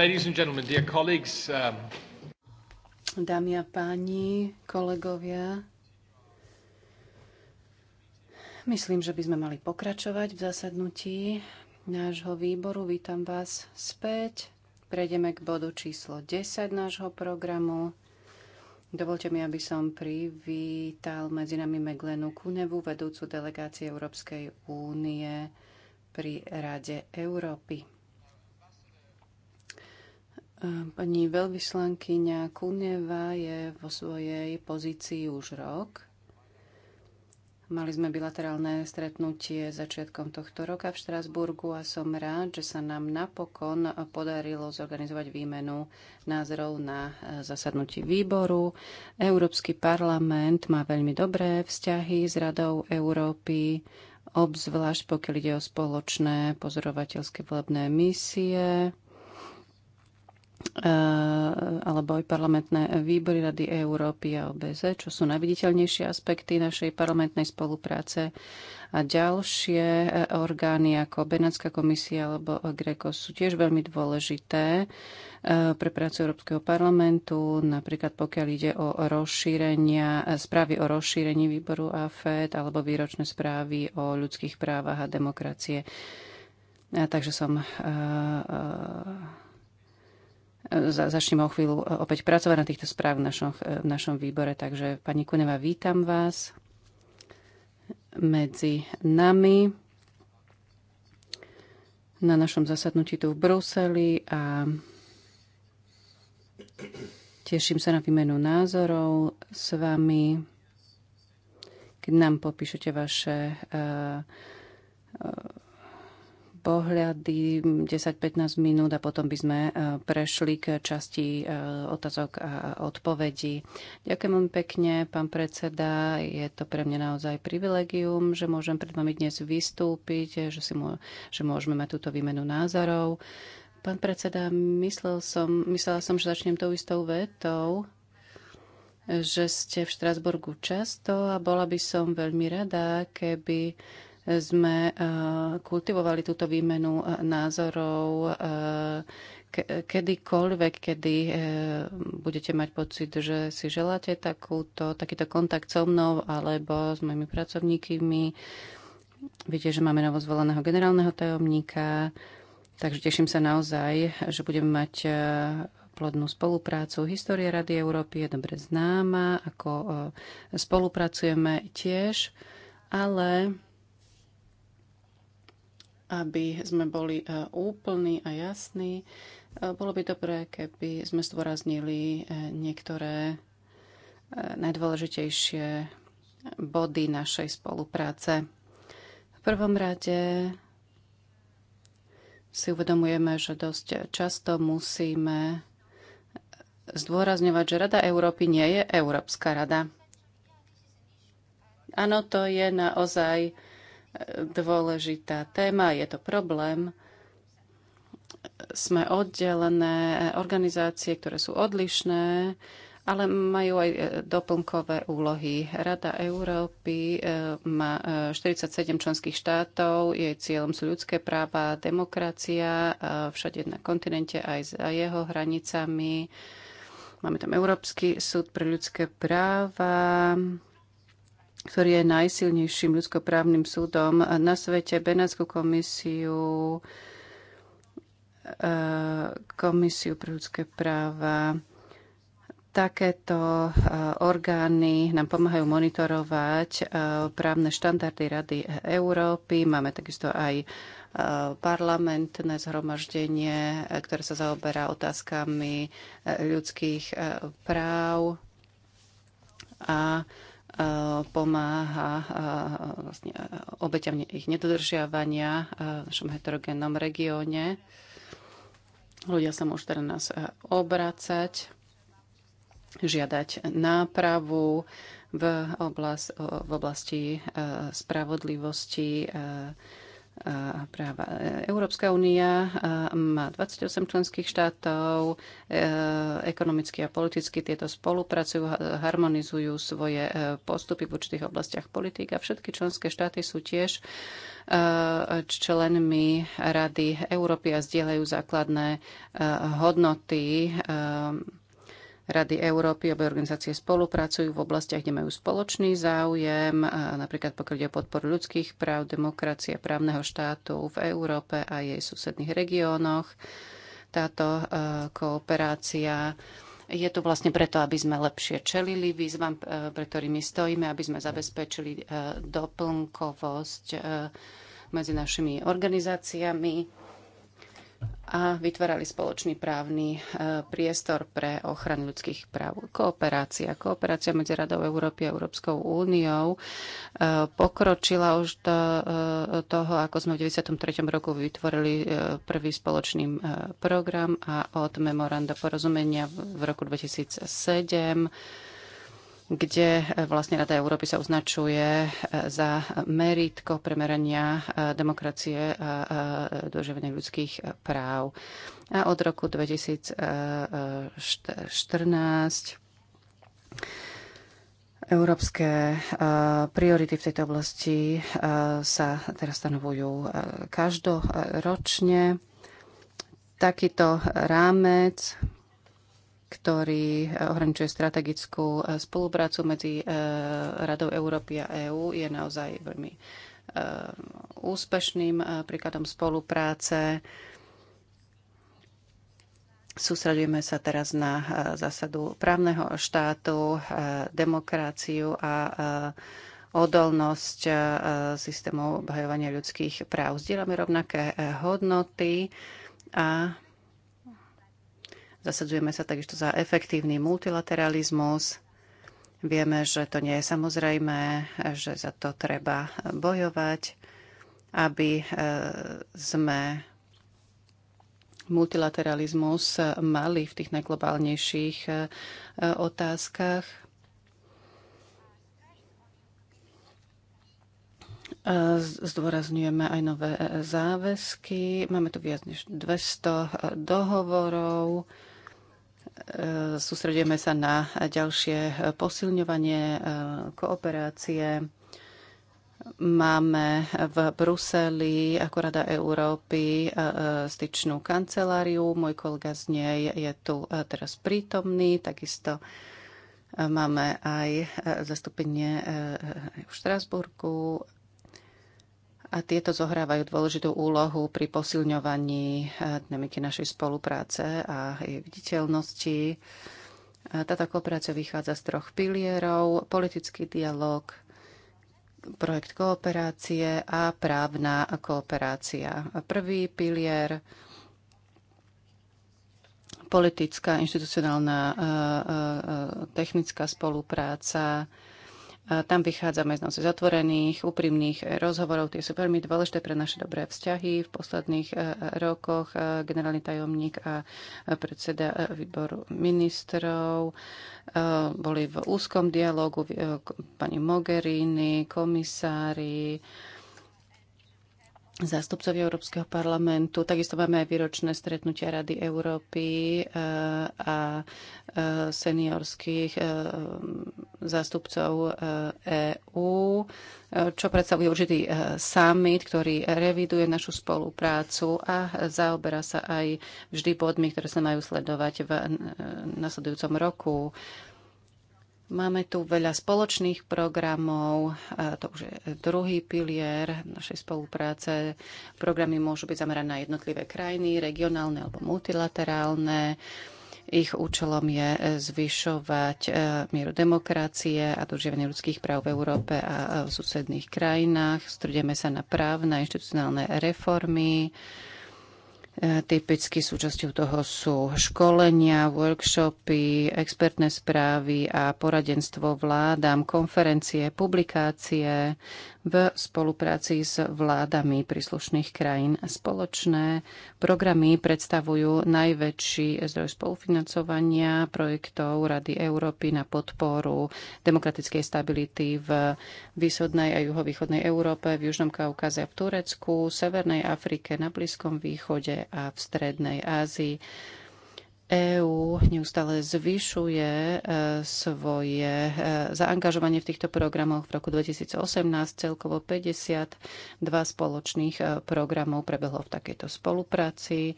Ladies and gentlemen, dear colleagues, um... Dámy a páni, kolegovia, myslím, že by sme mali pokračovať v zasadnutí nášho výboru. Vítam vás späť. Prejdeme k bodu číslo 10 nášho programu. Dovolte mi, aby som privítal medzi nami Meglenu Kunevu, vedúcu delegácie Európskej únie pri Rade Európy. Pani veľvyslankyňa Kuneva je vo svojej pozícii už rok. Mali sme bilaterálne stretnutie začiatkom tohto roka v Štrasburgu a som rád, že sa nám napokon podarilo zorganizovať výmenu názorov na e, zasadnutí výboru. Európsky parlament má veľmi dobré vzťahy s Radou Európy, obzvlášť pokiaľ ide o spoločné pozorovateľské volebné misie Eh, alebo aj parlamentné výbory Rady Európy a OBZ, čo sú najviditeľnejšie aspekty našej parlamentnej spolupráce. A ďalšie eh, orgány ako Benátska komisia alebo GRECO sú tiež veľmi dôležité eh, pre prácu Európskeho parlamentu, napríklad pokiaľ ide o rozšírenia, správy o rozšírení výboru AFED alebo výročné správy o ľudských právach a demokracie. takže som E, začneme o chvíľu e, opäť pracovať na týchto správ v našom, e, v našom výbore. Takže, pani Kuneva, vítam vás medzi nami na našom zasadnutí tu v Bruseli a teším sa na výmenu názorov s vami, keď nám popíšete vaše uh, uh, pohľady 10-15 minút a potom by sme e, prešli k časti e, otázok a odpovedí. Ďakujem veľmi pekne, pán predseda. Je to pre mňa naozaj privilegium, že môžem pred vami dnes vystúpiť, že, si mô, že môžeme mať túto výmenu názorov. Pán predseda, myslel som, myslela som, že začnem tou istou vetou, že ste v Štrasburgu často a bola by som veľmi rada, keby sme eh, kultivovali túto výmenu eh, názorov eh, kedykoľvek, kedy budete mať pocit, že si želáte takúto, takýto kontakt so mnou alebo s mojimi pracovníkmi. Viete, že máme novozvoleného generálneho tajomníka, takže teším sa naozaj, že budeme mať plodnú spoluprácu. História Rady Európy je dobre známa, ako spolupracujeme tiež, ale aby sme boli e, úplní a jasní. E, bolo by dobré, keby sme zdôraznili e, niektoré najdôležitejšie body našej spolupráce. V prvom rade si uvedomujeme, že dosť často musíme zdôrazňovať, že Rada Európy nie je Európska rada. Áno, to je naozaj dôležitá téma, je to problém. Sme oddelené organizácie, ktoré sú odlišné, ale majú aj e, doplnkové úlohy. Rada Európy e, má 47 e, členských štátov, jej cieľom sú ľudské práva, demokracia, všade na kontinente aj za jeho hranicami. Máme tam Európsky súd pre ľudské práva, ktorý je najsilnejším ľudskoprávnym súdom na svete, Benátsku komisiu, eh, komisiu pre ľudské práva. Takéto eh, orgány nám pomáhajú monitorovať eh, právne štandardy Rady Európy. Máme takisto aj parlamentné zhromaždenie, ktoré sa zaoberá otázkami ľudských práv. A pomáha e, vlastne e, obeťam ich nedodržiavania e, v našom heterogénnom regióne. Ľudia sa môžu teda nás obracať, žiadať nápravu v, oblast, v oblasti spravodlivosti, práva. E, Európska únia e, má 28 členských štátov, e, ekonomicky a politicky tieto spolupracujú, harmonizujú svoje postupy v určitých oblastiach politík a všetky členské štáty sú tiež členmi Rady Európy a zdieľajú základné hodnoty Rady Európy. Obe organizácie spolupracujú v oblastiach, kde majú spoločný záujem, napríklad pokiaľ ide o podporu ľudských práv, demokracie, právneho štátu v Európe a jej susedných regiónoch. Táto e, kooperácia je tu vlastne preto, aby sme lepšie čelili výzvam, e, pre ktorými stojíme, aby sme zabezpečili e, doplnkovosť medzi našimi organizáciami a vytvárali spoločný právny e, priestor pre ochranu ľudských práv. Kooperácia. Kooperácia medzi Radou Európy a Európskou úniou e, pokročila už do e, toho, ako sme v 93. roku vytvorili prvý spoločný program a od memoranda porozumenia v roku 2007 kde e, vlastne Rada Európy sa označuje e, za meritko premerania e, demokracie a doživenia ľudských práv. A od roku 2014 Európske priority v tejto oblasti sa teraz stanovujú každoročne. Takýto rámec ktorý eh, ohraničuje strategickú eh, spoluprácu medzi eh, Radou Európy a EÚ, je naozaj veľmi úspešným príkladom spolupráce. Sústredujeme sa teraz na zásadu právneho štátu, demokraciu a odolnosť systémov obhajovania ľudských práv. Zdieľame rovnaké hodnoty a Zasadzujeme sa takisto za efektívny multilateralizmus. Vieme, že to nie je samozrejme, že za to treba bojovať, aby e, sme multilateralizmus mali v tých najglobálnejších e, otázkach. E, zdôrazňujeme aj nové záväzky. Máme tu viac než 200 dohovorov E, sústredujeme sa na ďalšie posilňovanie e, kooperácie. Máme v Bruseli ako Rada Európy e, styčnú kanceláriu. Môj kolega z nej je tu teraz prítomný. Takisto máme aj zastúpenie v Štrasburgu a tieto zohrávajú dôležitú úlohu pri posilňovaní eh, dynamiky našej spolupráce a jej viditeľnosti. Eh, táto kooperácia vychádza z troch pilierov. Politický dialog, projekt kooperácie a právna kooperácia. Prvý pilier politická, inštitucionálna, eh, technická spolupráca tam vychádzame z noci zatvorených, úprimných rozhovorov. Tie sú veľmi dôležité pre naše dobré vzťahy. V posledných e, rokoch e, generálny tajomník a e, predseda výboru ministrov boli v úzkom dialogu pani Mogherini, komisári, zástupcovia Európskeho parlamentu. Takisto máme aj výročné stretnutia Rady Európy eh, a eh, seniorských eh, zástupcov EÚ, e čo predstavuje určitý summit, ktorý reviduje našu spoluprácu a zaoberá sa aj vždy bodmi, ktoré sa majú sledovať v nasledujúcom roku. Máme tu veľa spoločných programov, to už je druhý pilier našej spolupráce. Programy môžu byť zamerané na jednotlivé krajiny, regionálne alebo multilaterálne. Ich účelom je e, zvyšovať e, mieru demokracie a dožívanie ľudských práv v Európe a v susedných krajinách. Strudieme sa na právne a inštitucionálne reformy E, typicky súčasťou toho sú školenia, workshopy, expertné správy a poradenstvo vládám, konferencie, publikácie, v spolupráci s vládami príslušných krajín. Spoločné programy predstavujú najväčší zdroj spolufinancovania projektov Rady Európy na podporu demokratickej stability v východnej a juhovýchodnej Európe, v Južnom Kaukaze a v Turecku, Severnej Afrike, na Blízkom východe a v Strednej Ázii. EÚ neustále zvyšuje e, svoje e, zaangažovanie v týchto programoch. V roku 2018 celkovo 52 spoločných e, programov prebehlo v takejto spolupráci.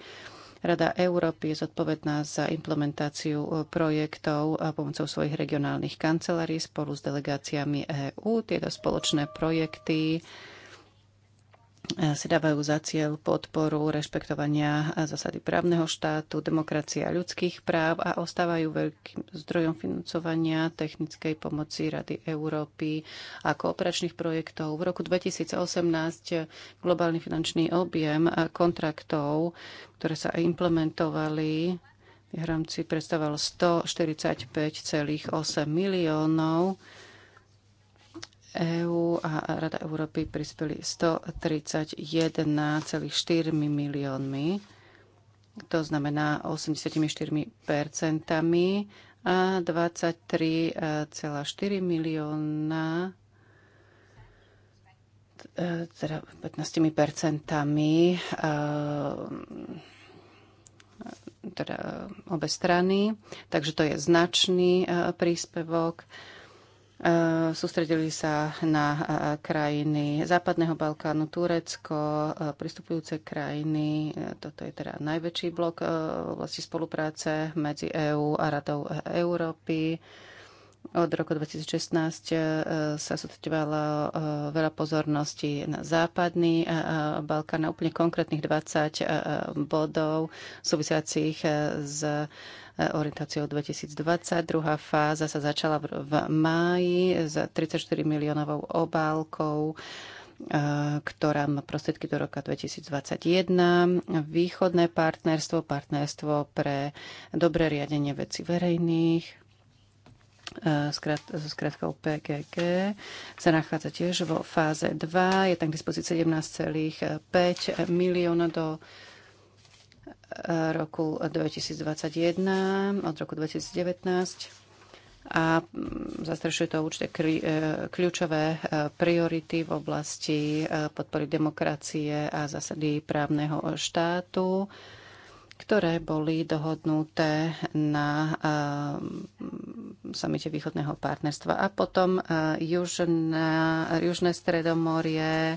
Rada Európy je zodpovedná za implementáciu projektov pomocou svojich regionálnych kancelárií spolu s delegáciami EÚ. Tieto spoločné projekty E, si dávajú za cieľ podporu rešpektovania zásady právneho štátu, demokracie a ľudských práv a ostávajú veľkým zdrojom financovania technickej pomoci Rady Európy a kooperačných projektov. V roku 2018 globálny finančný objem kontraktov, ktoré sa implementovali v rámci predstavoval 145,8 miliónov EÚ a Rada Európy prispeli 131,4 miliónmi, to znamená 84 percentami a 23,4 milióna e, teda 15 percentami e, teda obe strany, takže to je značný e, príspevok. Eh, sústredili sa na eh, krajiny Západného Balkánu, Turecko, eh, pristupujúce krajiny. Toto je teda najväčší blok v oblasti spolupráce medzi EÚ a Radou Európy. Od roku 2016 e, sa sústredovalo e, veľa pozornosti na západný e, Balkán, na úplne konkrétnych 20 bodov súvisiacich s orientáciou 2020. Druhá fáza sa začala v máji s 34 miliónovou obálkou ktorá má prostriedky do roka 2021, východné partnerstvo, partnerstvo pre dobré riadenie veci verejných, Eh, so skratkou PGG, sa nachádza tiež vo fáze 2. Je tam k dispozícii 17,5 milióna do eh, roku 2021, od roku 2019 a mm, zastrešuje to určite eh, kľúčové priority v oblasti podpory demokracie a zásady právneho štátu ktoré boli dohodnuté na samite východného partnerstva. A potom e, južná, južné stredomorie. E,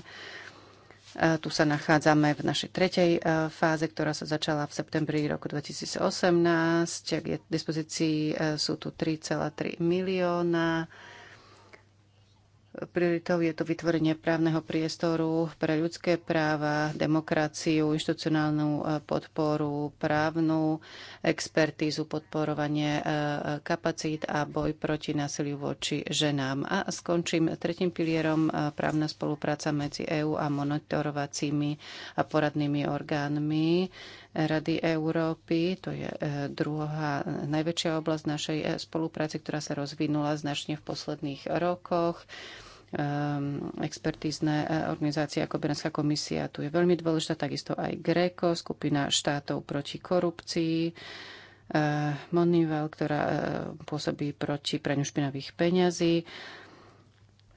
tu sa nachádzame v našej tretej e, fáze, ktorá sa začala v septembri roku 2018. K dispozícii sú tu 3,3 milióna Prioritou je to vytvorenie právneho priestoru pre ľudské práva, demokraciu, inštitucionálnu e, podporu, právnu expertízu, podporovanie e, kapacít a boj proti násiliu voči ženám. A skončím tretím pilierom e, právna spolupráca medzi EÚ a monitorovacími a poradnými orgánmi Rady Európy. To je e, druhá najväčšia oblasť našej e, spolupráce, ktorá sa rozvinula značne v posledných rokoch ehm, expertízne organizácie ako Bernská komisia. Tu je veľmi dôležitá takisto aj GRECO, skupina štátov proti korupcii, ehm, Monival, ktorá e, pôsobí proti praniu špinavých peňazí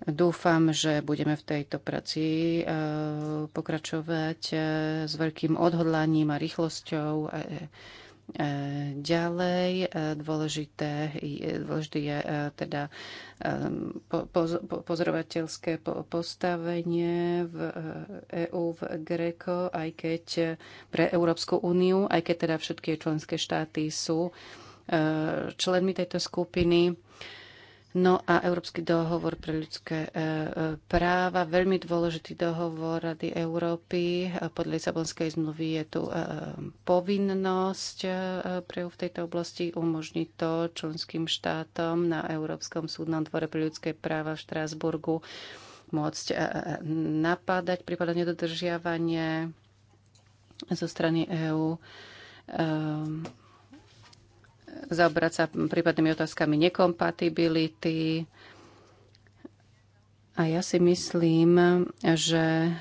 Dúfam, že budeme v tejto práci e, pokračovať e, s veľkým odhodlaním a rýchlosťou. E, ďalej dôležité, dôležité je teda pozorovateľské postavenie v EÚ v Greko, aj keď pre Európsku úniu, aj keď teda všetky členské štáty sú členmi tejto skupiny. No a Európsky dohovor pre ľudské e, e, práva, veľmi dôležitý dohovor Rady Európy. E, podľa Lisabonskej zmluvy je tu povinnosť pre v tejto oblasti umožniť to členským štátom na Európskom súdnom dvore pre ľudské práva v Štrásburgu môcť napádať prípadne nedodržiavanie zo strany EÚ zaobrať sa prípadnými otázkami nekompatibility. A ja si myslím, že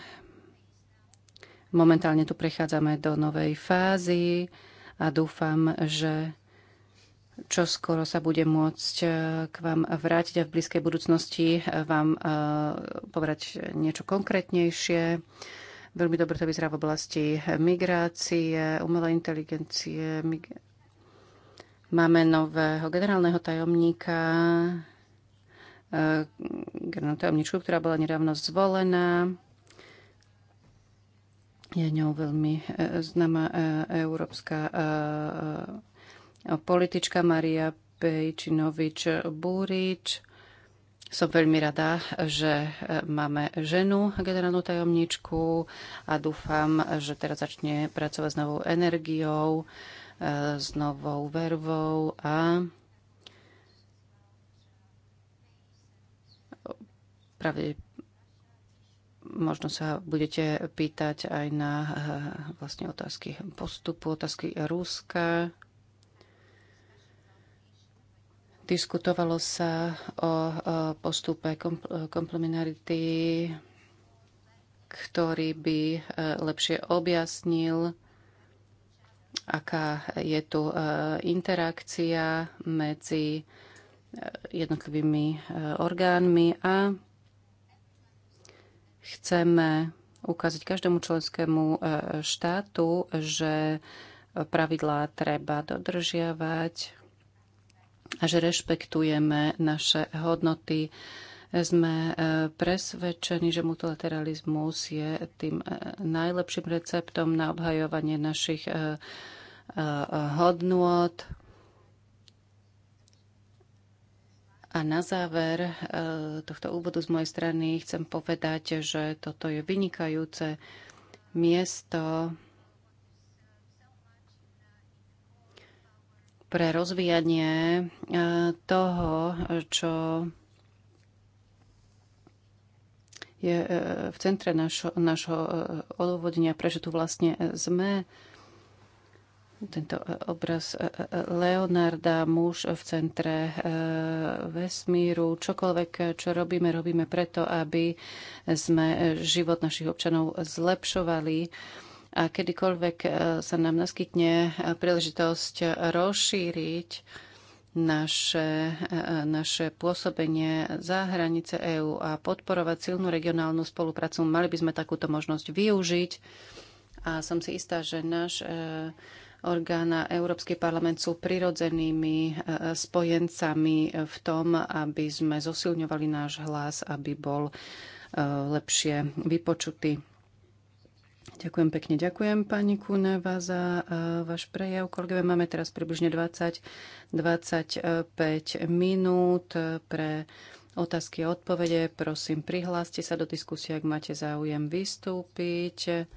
momentálne tu prechádzame do novej fázy a dúfam, že čo skoro sa bude môcť k vám vrátiť a v blízkej budúcnosti vám eh, povedať niečo konkrétnejšie. Veľmi dobre to vyzerá v oblasti migrácie, umelej inteligencie, migrácie Máme nového generálneho tajomníka, eh, generálnu tajomničku, ktorá bola nedávno zvolená. Je ňou veľmi eh, známa eh, európska politička Maria Pejčinovič Búrič. Som veľmi rada, že máme ženu generálnu tajomničku a dúfam, že teraz začne pracovať s novou energiou s novou vervou a práve možno sa budete pýtať aj na eh, vlastne otázky postupu, otázky Ruska. Diskutovalo sa o postupe komplementarity, ktorý by eh, lepšie objasnil aká je tu e, interakcia medzi e, jednotlivými e, orgánmi a chceme ukázať každému členskému štátu, že pravidlá treba dodržiavať a že rešpektujeme naše hodnoty. Sme presvedčení, že multilateralizmus je tým najlepším receptom na obhajovanie našich hodnôt. A na záver eh, tohto úvodu z mojej strany chcem povedať, že toto je vynikajúce miesto pre rozvíjanie eh, toho, čo je eh, v centre našho, našho odôvodenia, prečo tu vlastne sme tento e, obraz e, e, Leonarda, muž v centre vesmíru. Čokoľvek, čo robíme, robíme preto, aby sme život našich občanov zlepšovali. A kedykoľvek sa nám naskytne príležitosť rozšíriť naše, naše pôsobenie za hranice EÚ a podporovať silnú regionálnu spoluprácu, mali by sme takúto možnosť využiť. A som si istá, že náš Orgána Európsky parlament sú prirodzenými e, spojencami e, v tom, aby sme zosilňovali náš hlas, aby bol e, lepšie vypočutý. Ďakujem pekne. Ďakujem pani Kuneva za váš prejav. Kolegové, máme teraz približne 20-25 minút pre otázky a odpovede. Prosím, prihláste sa do diskusie, ak máte záujem vystúpiť.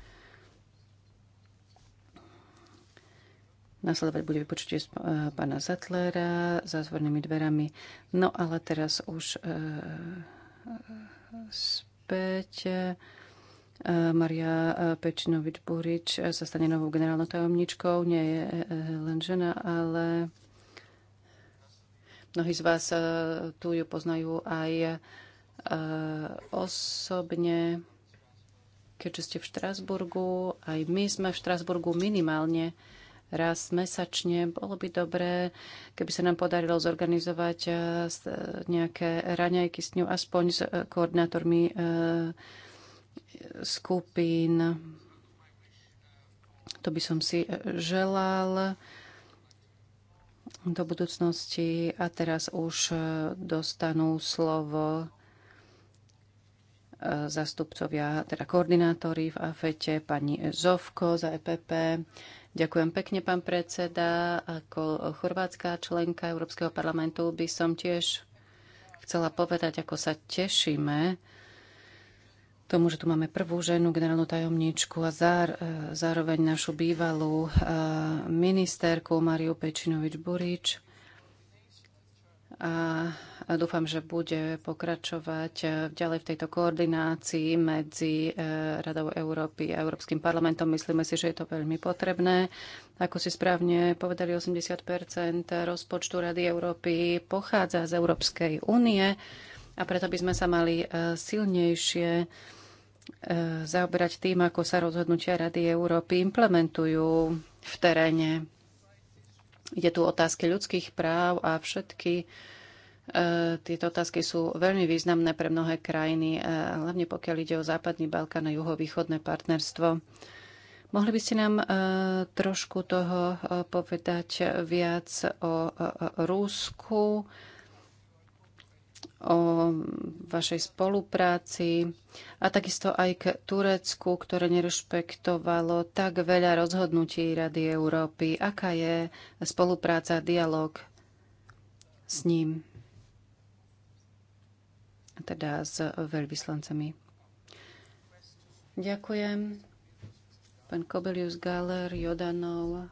Nasledovať bude vypočutie e, pána Zetlera za zvornými dverami. No ale teraz už e, e, späť. Maria Pečinovič-Burič sa stane novou generálnou tajomničkou. Nie je len žena, ale mnohí z vás tu ju poznajú aj osobne, keďže ste v Štrasburgu. Aj my sme v Štrasburgu minimálne raz mesačne. Bolo by dobré, keby sa nám podarilo zorganizovať e, e, nejaké raňajky s ňou, aspoň s e, koordinátormi skupín. To by som si želal do budúcnosti a teraz už dostanú slovo zastupcovia, teda koordinátori v AFETE, pani Zovko za EPP, Ďakujem pekne, pán predseda. Ako chorvátska členka Európskeho parlamentu by som tiež chcela povedať, ako sa tešíme tomu, že tu máme prvú ženu, generálnu tajomníčku a e, zároveň našu bývalú e, ministerku Mariu Pečinovič-Burič. A Dúfam, že bude pokračovať ďalej v tejto koordinácii medzi e, Radou Európy a Európskym parlamentom. Myslíme si, že je to veľmi potrebné. Ako si správne povedali, 80 rozpočtu Rady Európy pochádza z Európskej únie a preto by sme sa mali e, silnejšie e, zaoberať tým, ako sa rozhodnutia Rady Európy implementujú v teréne. Ide tu otázky ľudských práv a všetky E, tieto otázky sú veľmi významné pre mnohé krajiny, e, hlavne pokiaľ ide o západný Balkán a juhovýchodné partnerstvo. Mohli by ste nám e, trošku toho povedať viac o Rúsku, o vašej spolupráci a takisto aj k Turecku, ktoré nerešpektovalo tak veľa rozhodnutí Rady Európy. Aká je spolupráca, dialog s ním? teda s veľvyslancami. Ďakujem. Pán Kobelius Galer, Jodanov,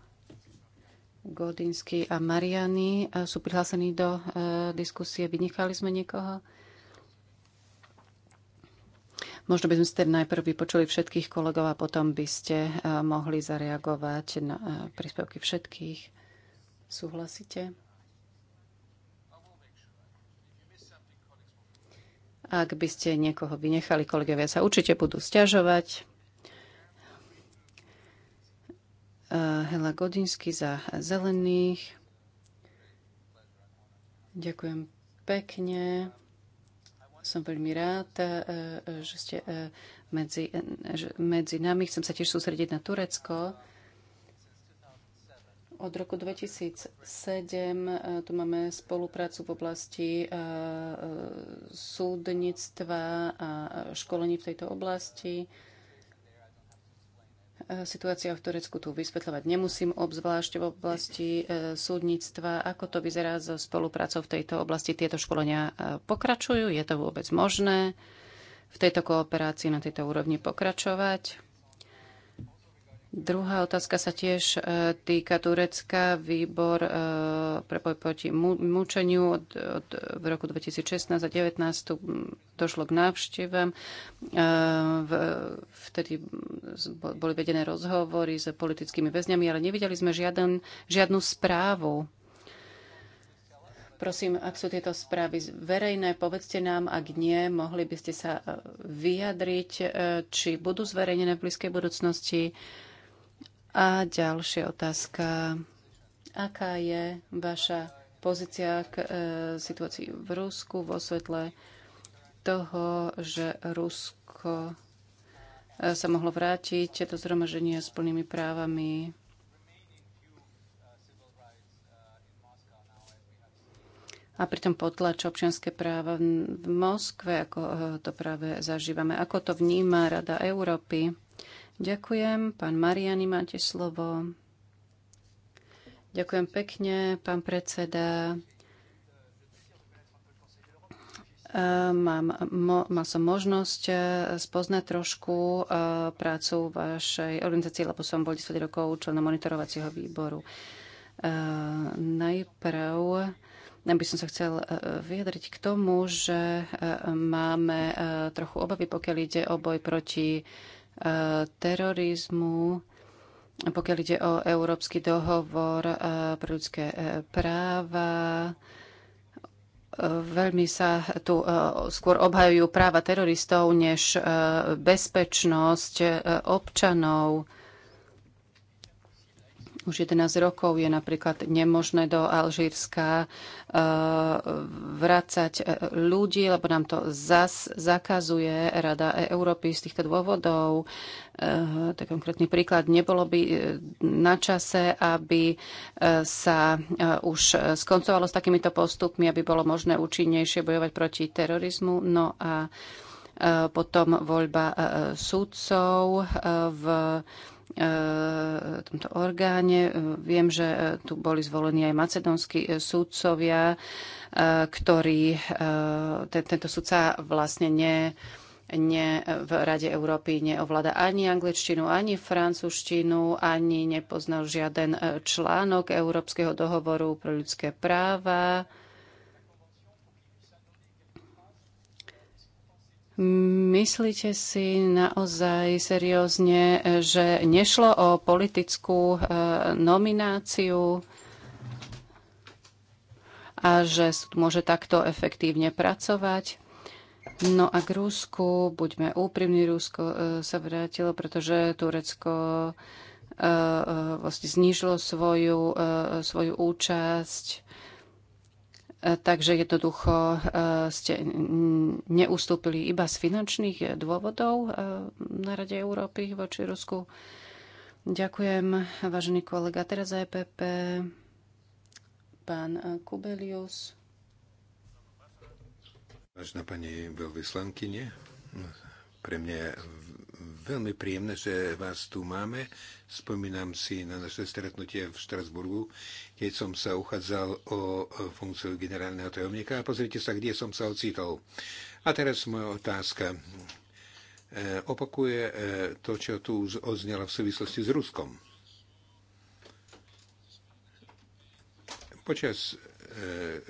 Godinsky a Mariany sú prihlásení do e, diskusie. Vynechali sme niekoho? Možno by sme ste najprv vypočuli všetkých kolegov a potom by ste e, mohli zareagovať na e, príspevky všetkých. Súhlasíte? Ak by ste niekoho vynechali, kolegovia sa určite budú stiažovať. E, Hela Godinsky za zelených. Ďakujem pekne. Som veľmi rád, e, e, že ste medzi, medzi nami. Chcem sa tiež sústrediť na Turecko. Od roku 2007 e, tu máme spoluprácu v oblasti e, e, súdnictva a školení v tejto oblasti. Situácia v Turecku tu vysvetľovať nemusím, obzvlášť v oblasti súdnictva. Ako to vyzerá so spoluprácou v tejto oblasti? Tieto školenia pokračujú? Je to vôbec možné v tejto kooperácii na tejto úrovni pokračovať? Druhá otázka sa tiež e, týka Turecka. Výbor e, pre boj proti mučeniu od, od, v roku 2016 a 2019 došlo k návštevám. E, vtedy boli vedené rozhovory s politickými väzňami, ale nevideli sme žiaden, žiadnu správu Prosím, ak sú tieto správy verejné, povedzte nám, ak nie, mohli by ste sa vyjadriť, či budú zverejnené v blízkej budúcnosti. A ďalšia otázka. Aká je vaša pozícia k e, situácii v Rusku vo svetle toho, že Rusko e, sa mohlo vrátiť do zhromaženia s plnými právami. A pritom potlač občianské práva v Moskve, ako e, to práve zažívame. Ako to vníma Rada Európy? Ďakujem. Pán Mariani, máte slovo. Ďakujem pekne, pán predseda. E, mám, mo, mal som možnosť e, spoznať trošku e, prácu vašej organizácie, lebo som bol 10 rokov členom monitorovacieho výboru. Najprv by som sa chcel vyjadriť k tomu, že máme trochu obavy, pokiaľ ide o boj proti terorizmu, pokiaľ ide o Európsky dohovor eh, pre ľudské eh, práva. Eh, veľmi sa tu skôr obhajujú práva teroristov než bezpečnosť občanov. Už 11 rokov je napríklad nemožné do Alžírska eh, vrácať eh, ľudí, lebo nám to zas zakazuje Rada Európy z týchto dôvodov. Eh, to je konkrétny príklad. Nebolo by na čase, aby sa už skoncovalo s takýmito postupmi, aby bolo možné účinnejšie bojovať proti terorizmu. No a potom voľba sudcov v E, tomto orgáne. E, viem, že e, tu boli zvolení aj macedonskí súdcovia, ktorí ten, tento súdca vlastne ne, ne, v Rade Európy neovláda ani angličtinu, ani francúzštinu, ani nepoznal žiaden článok Európskeho dohovoru pre ľudské práva. Myslíte si naozaj seriózne, že nešlo o politickú e, nomináciu a že súd môže takto efektívne pracovať? No a k Rusku, buďme úprimní, Rusko e, sa vrátilo, pretože Turecko e, vlastne znížilo svoju, svoju účasť E, takže jednoducho e, ste neustúpili iba z finančných e, dôvodov na Rade Európy voči Rusku. Ďakujem, vážený kolega. Teraz EPP, pán Kubelius. Vážená pani veľvyslankyne, pre mňa je veľmi príjemné, že vás tu máme. Spomínam si na naše stretnutie v Štrasburgu, keď som sa uchádzal o funkciu generálneho tajomníka a pozrite sa, kde som sa ocitol. A teraz moja otázka. E, opakuje e, to, čo tu odznelo v súvislosti s Ruskom. Počas e,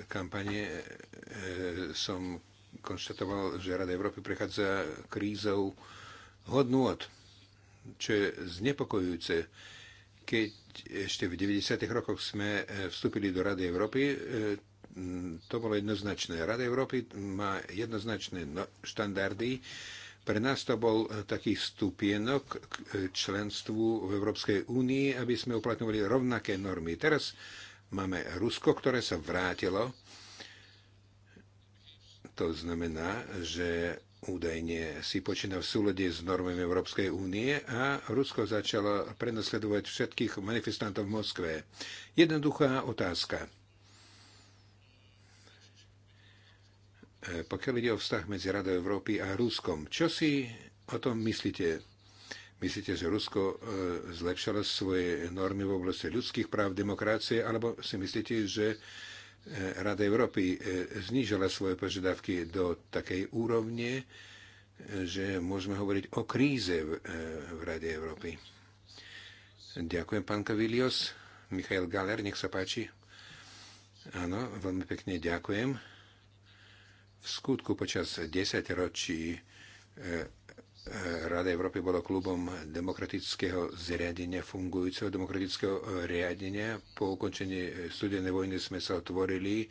kampane som konštatoval, že Rada Európy prechádza krízou od, čo je znepokojujúce. Keď ešte v 90. rokoch sme eh, vstúpili do Rady Európy, eh, to bolo jednoznačné. Rada Európy má jednoznačné no, štandardy. Pre nás to bol eh, taký stupienok k členstvu v Európskej únii, aby sme uplatňovali rovnaké normy. Teraz máme Rusko, ktoré sa vrátilo to znamená, že údajne si počína v súlade s normami Európskej únie a Rusko začalo prenasledovať všetkých manifestantov v Moskve. Jednoduchá otázka. E, pokiaľ ide o vztah medzi Radou Európy a Ruskom, čo si o tom myslíte? Myslíte, že Rusko e, zlepšilo svoje normy v oblasti ľudských práv, demokracie, alebo si myslíte, že E, Rada Európy e, znížila svoje požiadavky do takej úrovne, e, že môžeme hovoriť o kríze v Rade Európy. Ďakujem, pán Kavilios. Michail Galer, nech sa páči. Áno, veľmi pekne ďakujem. V skutku počas 10 ročí Rada Európy bola klubom demokratického zriadenia, fungujúceho demokratického e, riadenia. Po ukončení e, studenej vojny sme sa otvorili,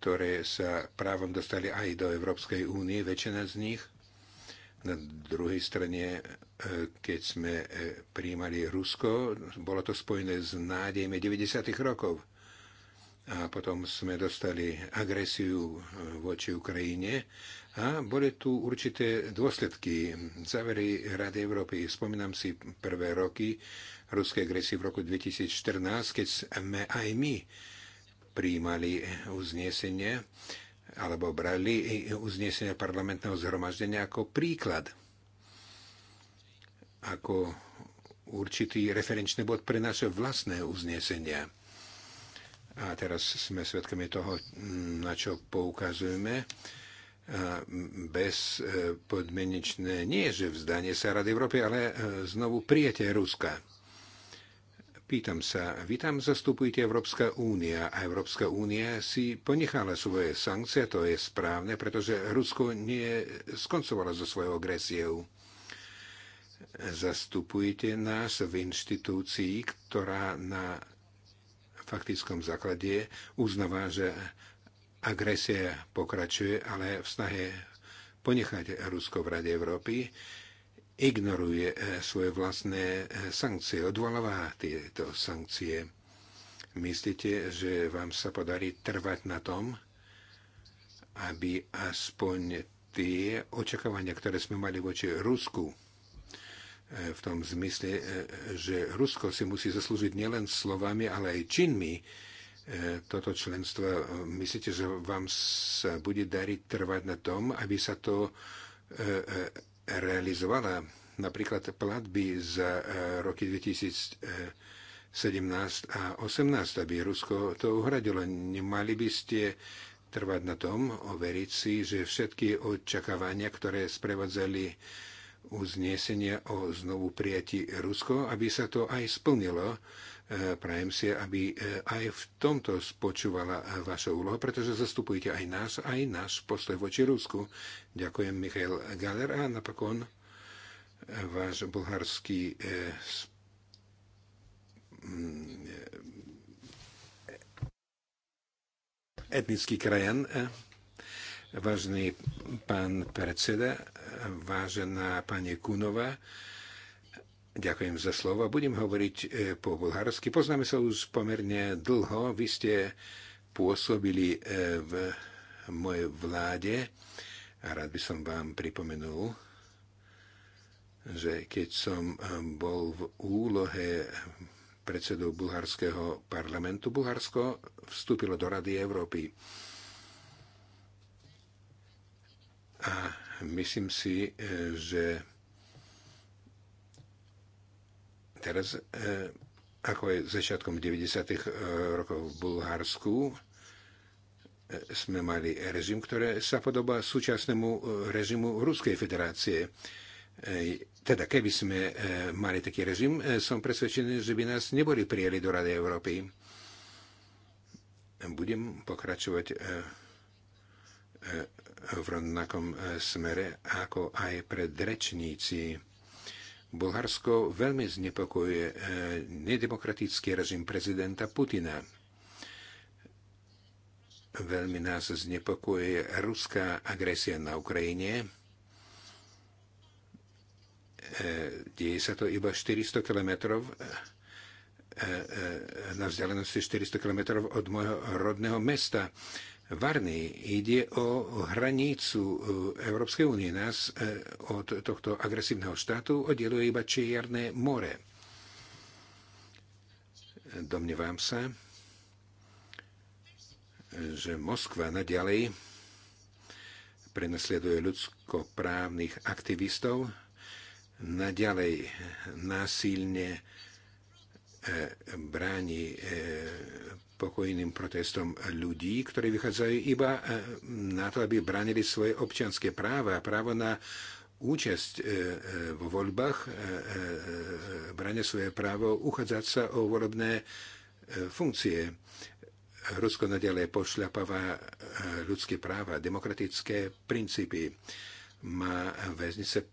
ktoré sa právom dostali aj do Európskej únie, väčšina z nich. Na druhej strane, e, keď sme prijímali Rusko, bolo to spojené s nádejmi 90. rokov a potom sme dostali agresiu e, voči Ukrajine a boli tu určité dôsledky. Závery Rady Európy, spomínam si prvé roky ruskej agresie v roku 2014, keď sme aj my prijímali uznesenie alebo brali uznesenie parlamentného zhromaždenia ako príklad, ako určitý referenčný bod pre naše vlastné uznesenia a teraz sme svedkami toho, na čo poukazujeme bezpodmienečné e, nie, že vzdanie sa Rady Európy, ale e, znovu prijete Ruska. Pýtam sa, vy tam zastupujete Európska únia a Európska únia si ponechala svoje sankcie, to je správne, pretože Rusko nie skoncovalo so svojou agresiou. Zastupujete nás v inštitúcii, ktorá na faktickom základe uznáva, že agresia pokračuje, ale v snahe ponechať Rusko v Rade Európy ignoruje e, svoje vlastné e, sankcie, odvoláva tieto sankcie. Myslíte, že vám sa podarí trvať na tom, aby aspoň tie očakávania, ktoré sme mali voči Rusku, E, v tom zmysle, e, že Rusko si musí zaslúžiť nielen slovami, ale aj činmi e, toto členstvo. Myslíte, že vám sa bude dariť trvať na tom, aby sa to realizovala? Napríklad platby za roky 2017 a 2018, aby Rusko to uhradilo. Nemali by ste trvať na tom, overiť si, že všetky očakávania, ktoré sprevádzali uznesenia o znovu prijati Rusko, aby sa to aj splnilo. E, prajem si, aby e, aj v tomto spočúvala e, vaša úloha, pretože zastupujete aj nás, aj náš postoj voči Rusku. Ďakujem, Michail Galer. A napokon váš bulharský mm, etnický krajan, vážny pán predseda, vážená pani Kunova. Ďakujem za slovo. Budem hovoriť e, po bulharsky. Poznáme sa už pomerne dlho. Vy ste pôsobili e, v mojej vláde a rád by som vám pripomenul, že keď som e, bol v úlohe predsedu bulharského parlamentu, Bulharsko vstúpilo do Rady Európy. A Myslím si, eh, že teraz, eh, ako je začiatkom 90. Eh, rokov v Bulharsku, sme mali režim, ktorý sa podobá súčasnému režimu Ruskej federácie. Teda keby sme mali taký režim, som presvedčený, že by nás neboli prijeli do Rady Európy. Budem pokračovať v rovnakom e, smere ako aj predrečníci. Bulharsko veľmi znepokojuje e, nedemokratický režim prezidenta Putina. Veľmi nás znepokojuje ruská agresia na Ukrajine. E, deje sa to iba 400 kilometrov na vzdialenosti 400 kilometrov od môjho rodného mesta. Varný ide o hranicu e, Európskej únie. Nás e, od tohto agresívneho štátu oddeluje iba Čierne more. Domnievam sa, že Moskva naďalej prenasleduje ľudskoprávnych aktivistov, naďalej násilne E, bráni e, pokojným protestom ľudí, ktorí vychádzajú iba e, na to, aby bránili svoje občianské práva a právo na účasť vo voľbách, bráne svoje právo uchádzať sa o volebné funkcie. Rusko nadalej pošľapáva ľudské práva, demokratické princípy. Má väznice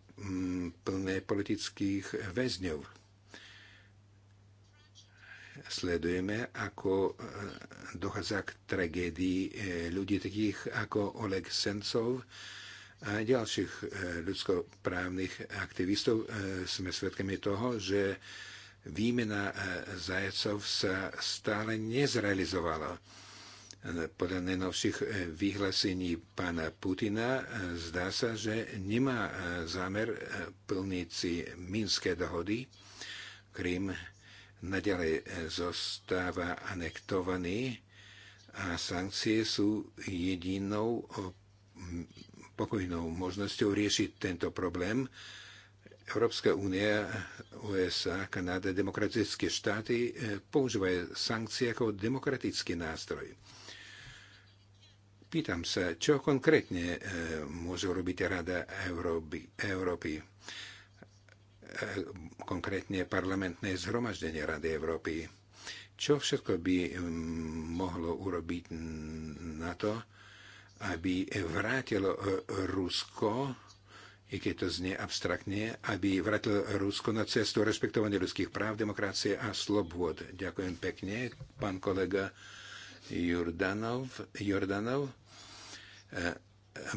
plné politických väzňov sledujeme, ako e, dochádza k tragédii e, ľudí takých ako Oleg Sencov a ďalších e, ľudskoprávnych aktivistov. Sme svedkami toho, že výmena zajacov sa stále nezrealizovala. Podľa najnovších vyhlásení pána Putina zdá sa, že nemá zámer plniť si Minské dohody. Krim naďalej e, zostáva anektovaný a sankcie sú jedinou pokojnou možnosťou riešiť tento problém. Európska únia, USA, Kanada, demokratické štáty e, používajú sankcie ako demokratický nástroj. Pýtam sa, čo konkrétne e, môže robiť Rada Európy. Európy? Eh, konkrétne parlamentné zhromaždenie Rady Európy. Čo všetko by mm, mohlo urobiť na to, aby vrátilo eh, Rusko, i keď to znie abstraktne, aby vrátilo Rusko na cestu rešpektovania ľudských práv, demokracie a slobod. Ďakujem pekne, pán kolega Jordanov. Jordanov. Eh,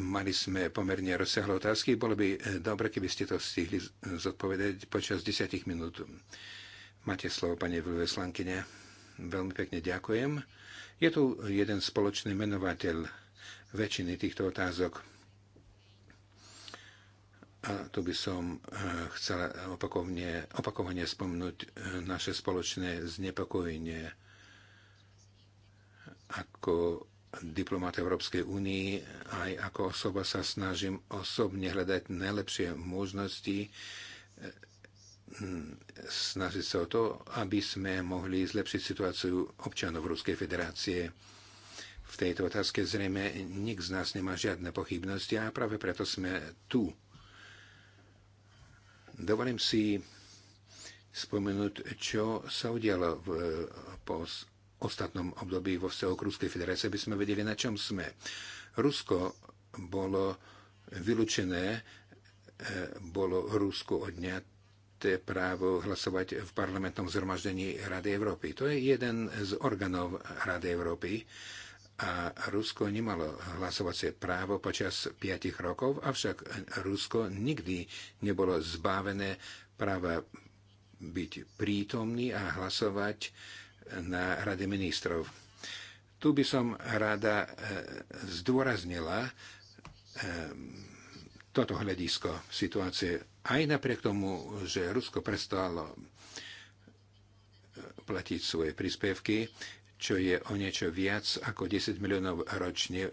Mali sme pomerne rozsiahle otázky. Bolo by eh, dobre, keby ste to stihli zodpovedať počas 10 minút. Máte slovo, pani veľveslankyňa. Veľmi pekne ďakujem. Je tu jeden spoločný menovateľ väčšiny týchto otázok. A tu by som eh, chcela opakovne, opakovane spomnúť eh, naše spoločné znepokojenie ako diplomat Európskej únii, aj ako osoba sa snažím osobne hľadať najlepšie možnosti, snažiť sa o to, aby sme mohli zlepšiť situáciu občanov Ruskej federácie. V tejto otázke zrejme nik z nás nemá žiadne pochybnosti a práve preto sme tu. Dovolím si spomenúť, čo sa udialo v, po ostatnom období vo vzťahu k Ruskej federácii, aby sme vedeli, na čom sme. Rusko bolo vylúčené, e, bolo Rusko odňaté právo hlasovať v parlamentnom zhromaždení Rady Európy. To je jeden z orgánov Rady Európy a Rusko nemalo hlasovacie právo počas 5 rokov, avšak Rusko nikdy nebolo zbavené práva byť prítomný a hlasovať na Rade ministrov. Tu by som rada e, zdôraznila e, toto hľadisko situácie. Aj napriek tomu, že Rusko prestalo e, platiť svoje príspevky, čo je o niečo viac ako 10 miliónov ročne.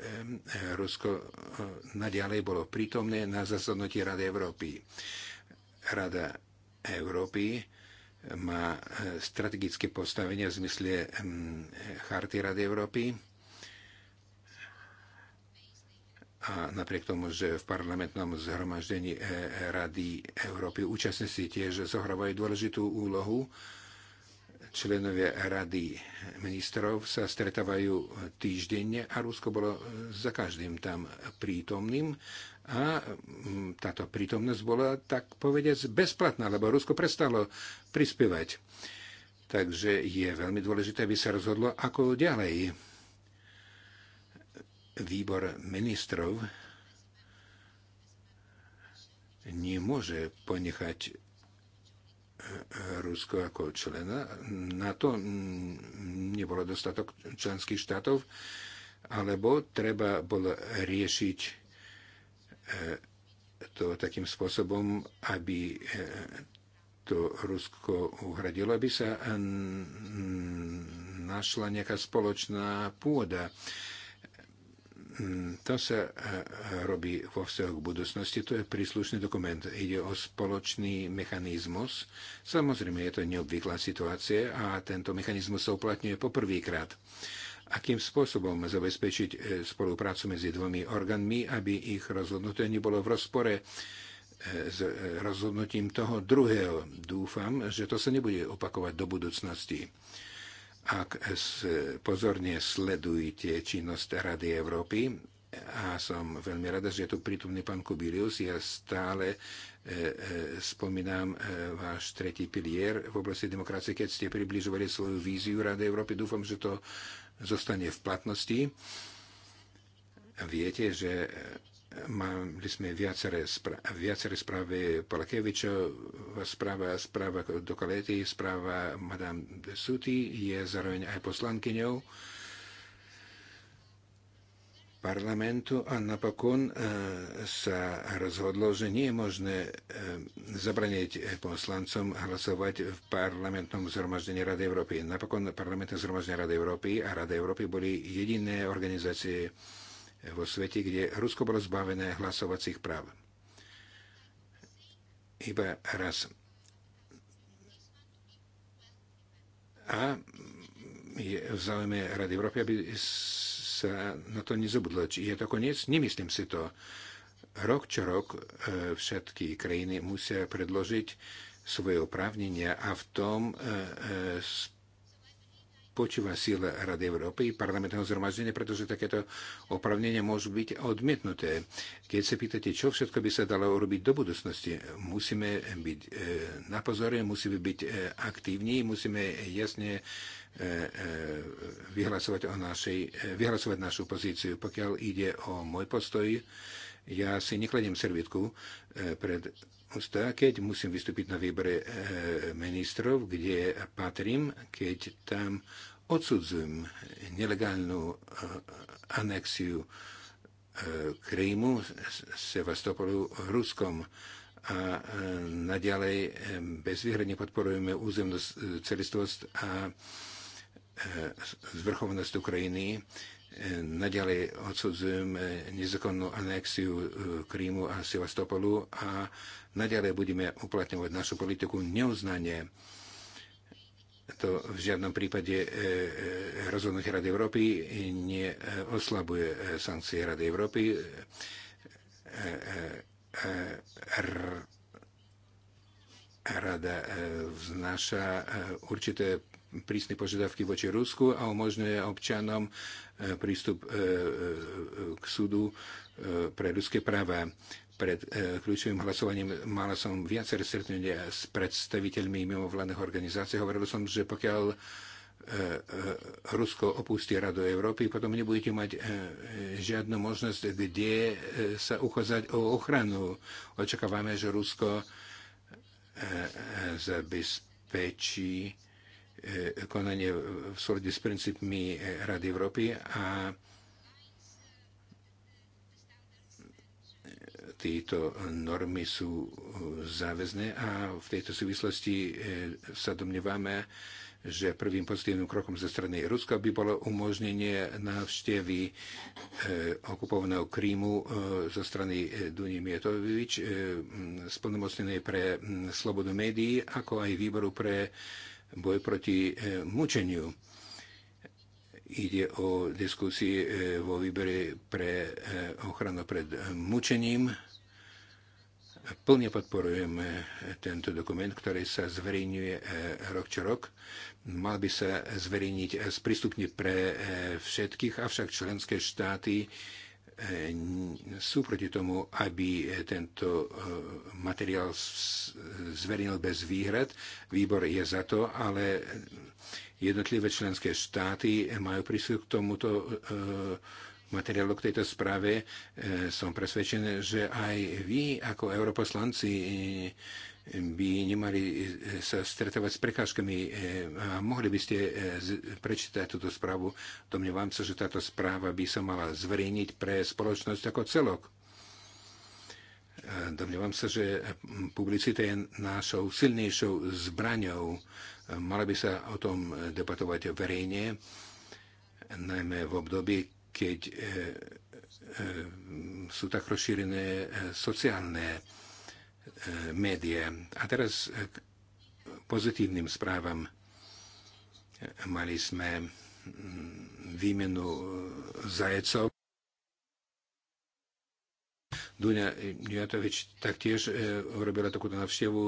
Rusko naďalej bolo prítomné na zasadnutí Rady Európy. Rada Európy má e, strategické postavenie v zmysle Charty Rady Európy. A napriek tomu, že v parlamentnom zhromaždení e, Rady Európy účastníci tiež zohrávajú dôležitú úlohu, členovia Rady ministrov sa stretávajú týždenne a Rusko bolo za každým tam prítomným a mm, táto prítomnosť bola, tak povediať, bezplatná, lebo Rusko prestalo prispievať. Takže je veľmi dôležité, aby sa rozhodlo, ako ďalej. Výbor ministrov nemôže ponechať e, e, Rusko ako člena. Na to mm, nebolo dostatok členských štátov, alebo treba bolo riešiť E, to takým spôsobom, aby e, to Rusko uhradilo, aby sa e, našla nejaká spoločná pôda. Mm, to sa robí vo vzťahu k budúcnosti, to je príslušný dokument. Ide o spoločný mechanizmus. Samozrejme, je to neobvyklá situácia a tento mechanizmus sa uplatňuje poprvýkrát akým spôsobom zabezpečiť e, spoluprácu medzi dvomi orgánmi, aby ich rozhodnutie nebolo v rozpore e, s e, rozhodnutím toho druhého. Dúfam, že to sa nebude opakovať do budúcnosti. Ak pozorne sledujete činnosť Rady Európy, a som veľmi rada, že je tu prítomný pán Kubilius. Ja stále e, e, spomínam e, váš tretí pilier v oblasti demokracie, keď ste približovali svoju víziu Rady Európy. Dúfam, že to zostane v platnosti. Viete, že e, mali sme viaceré, spra- viaceré správy Polakeviča, správa, správa do Kalety, správa Madame de Suti je zároveň aj poslankyňou parlamentu a napokon e, sa rozhodlo, že nie je možné e, zabraniť poslancom hlasovať v parlamentnom zhromaždení Rady Európy. Napokon parlamentné zhromaždenie Rady Európy a Rada Európy boli jediné organizácie e, vo svete, kde Rusko bolo zbavené hlasovacích práv. Iba raz. A je v záujme Rady Európy, aby sa na to nezabudlo. Či je to koniec? Nemyslím si to. Rok čo rok e, všetky krajiny musia predložiť svoje oprávnenia a v tom e, e, počúva sila Rady Európy, parlamentného zhromaždenia, pretože takéto opravnenia môžu byť odmietnuté. Keď sa pýtate, čo všetko by sa dalo urobiť do budúcnosti, musíme byť e, na pozore, musíme byť e, aktívni, musíme jasne e, vyhlasovať, o našej, vyhlasovať našu pozíciu. Pokiaľ ide o môj postoj, ja si nekladiem servietku e, pred ústa, keď musím vystúpiť na výbere e, ministrov, kde patrím, keď tam odsudzujem nelegálnu e, anexiu Krímu, Sevastopolu, Ruskom a naďalej bezvýhradne podporujeme územnú celistvosť a zvrchovanosť Ukrajiny Naďalej odsudzujeme nezakonnú anexiu e, Krímu a Sevastopolu a naďalej budeme uplatňovať našu politiku neuznanie. To v žiadnom prípade e, e, rozhodnutie Rady Európy neoslabuje sankcie Rady Európy. Rada vznáša určité prísne požiadavky voči Rusku a umožňuje občanom E, prístup e, e, k súdu pre ľudské práva. Pred kľúčovým hlasovaním mala som viaceré stretnutia s predstaviteľmi mimovládnych organizácií. Hovoril som, že pokiaľ Rusko opustí Radu Európy, potom nebudete mať žiadnu možnosť, kde sa uchádzať o ochranu. Očakávame, že Rusko zabezpečí E, konanie v súlade s princípmi e, Rady Európy a tieto normy sú záväzné a v tejto súvislosti e, sa domnievame, že prvým pozitívnym krokom ze strany Ruska by bolo umožnenie návštevy okupovaného Krímu zo strany Duny Mietovič, splnomocnenej pre slobodu médií, ako aj výboru pre boj proti e, mučeniu. Ide o diskusii e, vo výbere pre e, ochranu pred mučením. Plne podporujeme tento dokument, ktorý sa zverejňuje rok čo rok. Mal by sa zverejniť sprístupne pre všetkých, avšak členské štáty Eh, sú proti tomu, aby eh, tento eh, materiál zverejnil bez výhrad. Výbor je za to, ale jednotlivé členské štáty majú prístup k tomuto materiálu k tejto správe. Som presvedčený, že aj vy ako europoslanci by nemali e, sa stretávať s prekážkami. E, mohli by ste e, prečítať túto správu. Domnievam sa, že táto správa by sa mala zverejniť pre spoločnosť ako celok. Domnievam sa, že publicita je našou silnejšou zbraňou. Mala by sa o tom debatovať verejne, najmä v období, keď sú tak rozšírené sociálne E, médiá. A teraz k e, pozitívnym správam. E, mali sme výmenu zajecov. Dunia Jatovič taktiež urobila takúto navštevu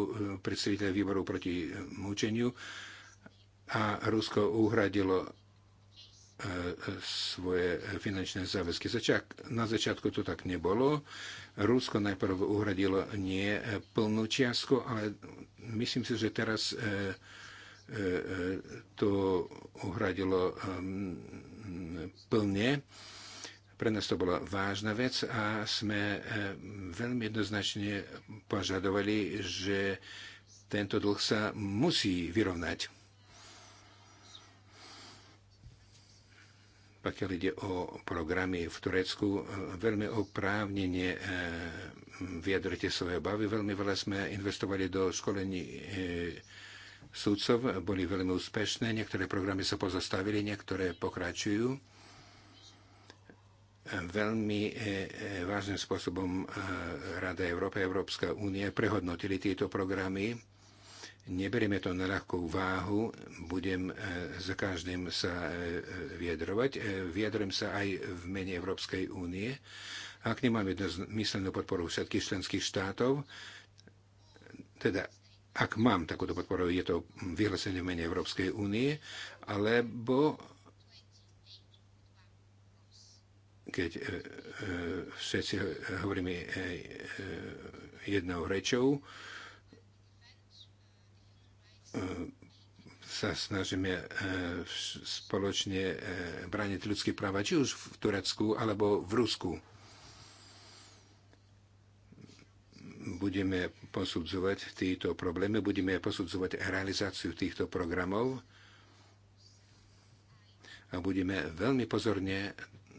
predstaviteľa výboru proti mučeniu a Rusko uhradilo svoje finančné záväzky. Začiak, na začiatku to tak nebolo. Rusko najprv uhradilo nie plnú čiastku, ale myslím si, že teraz e, e, to uhradilo plne. Pre nás to bola vážna vec a sme e, veľmi jednoznačne požadovali, že tento dlh sa musí vyrovnať. pokiaľ ide o programy v Turecku, e, veľmi oprávnenie e, vyjadrite svoje obavy. Veľmi veľa sme investovali do školení e, súdcov, boli veľmi úspešné, niektoré programy sa pozastavili, niektoré pokračujú. Veľmi vážnym spôsobom Rada Európy a Európska únie prehodnotili tieto programy Neberieme to na ľahkú váhu, budem e, za každým sa e, e, vyjadrovať. Vyjadrujem sa aj v mene Európskej únie. Ak jednu zmyslenú podporu všetkých členských štátov, teda ak mám takúto podporu, je to vyhlásenie v mene Európskej únie, alebo keď všetci hovoríme jednou rečou, sa snažíme e, spoločne e, braniť ľudské práva, či už v Turecku alebo v Rusku. Budeme posudzovať tieto problémy, budeme posudzovať realizáciu týchto programov a budeme veľmi pozorne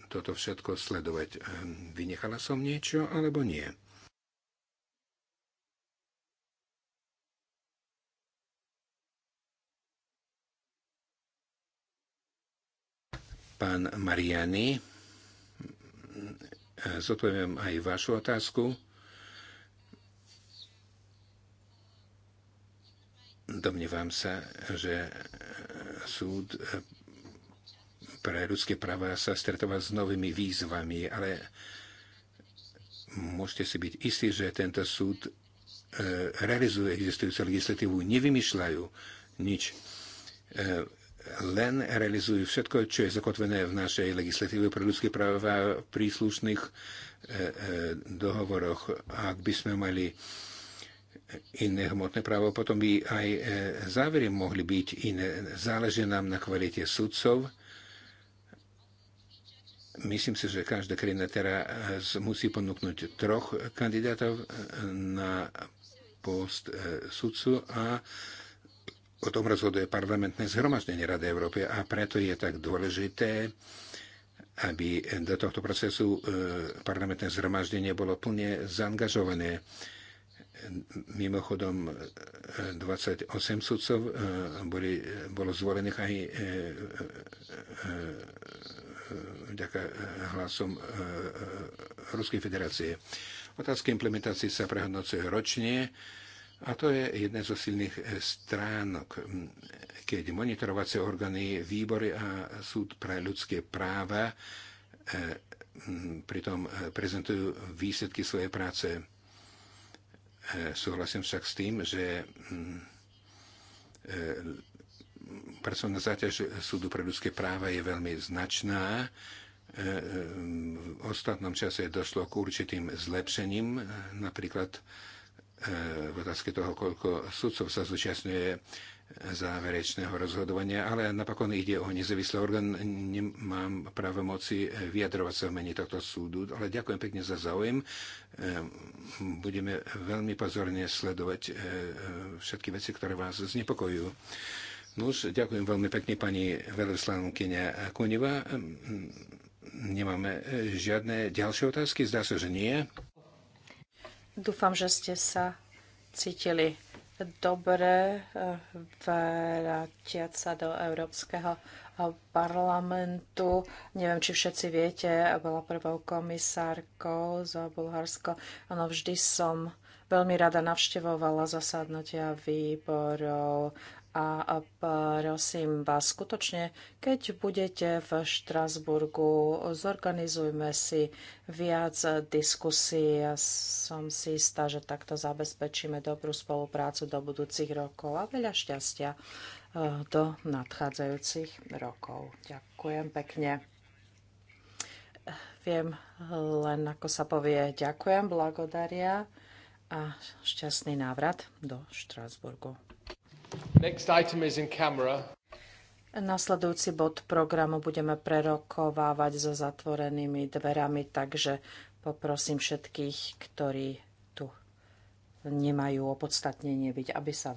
toto všetko sledovať. Vynechala som niečo alebo nie? Pán Mariani, zodpoviem aj vašu otázku. Domnievam sa, že súd pre ľudské práva sa stretáva s novými výzvami, ale môžete si byť istí, že tento súd e, realizuje existujúcu legislatívu, nevymýšľajú nič. E, len realizujú všetko, čo je zakotvené v našej legislatíve pre ľudské práva v príslušných e, e, dohovoroch. Ak by sme mali iné hmotné právo, potom by aj e, závery mohli byť iné. Záleží nám na kvalite sudcov. Myslím si, že každá krajina teraz musí ponúknuť troch kandidátov na post sudcu a o tom rozhoduje parlamentné zhromaždenie Rady Európy a preto je tak dôležité, aby do tohto procesu e, parlamentné zhromaždenie bolo plne zaangažované. Mimochodom, 28 e, sudcov e, boli, bolo zvolených aj vďaka hlasom Ruskej federácie. Otázky implementácie sa prehodnocujú ročne a to je jedna zo silných e, stránok, mm, keď monitorovacie orgány, výbory a súd pre ľudské práva e, mm, pritom e, prezentujú výsledky svojej práce. Súhlasím však s tým, že mm, pracovná záťaž súdu pre ľudské práva je veľmi značná. V ostatnom čase došlo k určitým zlepšením, napríklad Eh, v otázke toho, koľko sudcov sa zúčastňuje záverečného rozhodovania, ale napokon ide o nezávislý orgán. Nemám moci eh, vyjadrovať sa v mene tohto súdu, ale ďakujem pekne za záujem. Eh, budeme veľmi pozorne sledovať všetky veci, ktoré vás znepokojujú. Nuž, ďakujem veľmi pekne pani veľvyslankyňa Kuniva. Ehm, nemáme žiadne ďalšie otázky? Zdá sa, že nie. Dúfam, že ste sa cítili dobre eh, vrátiať sa do Európskeho eh, parlamentu. Neviem, či všetci viete, eh, bola prvou komisárkou za Bulharsko. Ano, vždy som veľmi rada navštevovala zasadnutia výborov a prosím vás, skutočne, keď budete v Štrasburgu, zorganizujme si viac diskusí. Ja som si istá, že takto zabezpečíme dobrú spoluprácu do budúcich rokov a veľa šťastia e, do nadchádzajúcich rokov. Ďakujem pekne. Viem len, ako sa povie, ďakujem, blagodaria a šťastný návrat do Štrasburgu. Next item is in camera. Nasledujúci bod programu budeme prerokovávať so zatvorenými dverami, takže poprosím všetkých, ktorí tu nemajú opodstatnenie byť, aby sa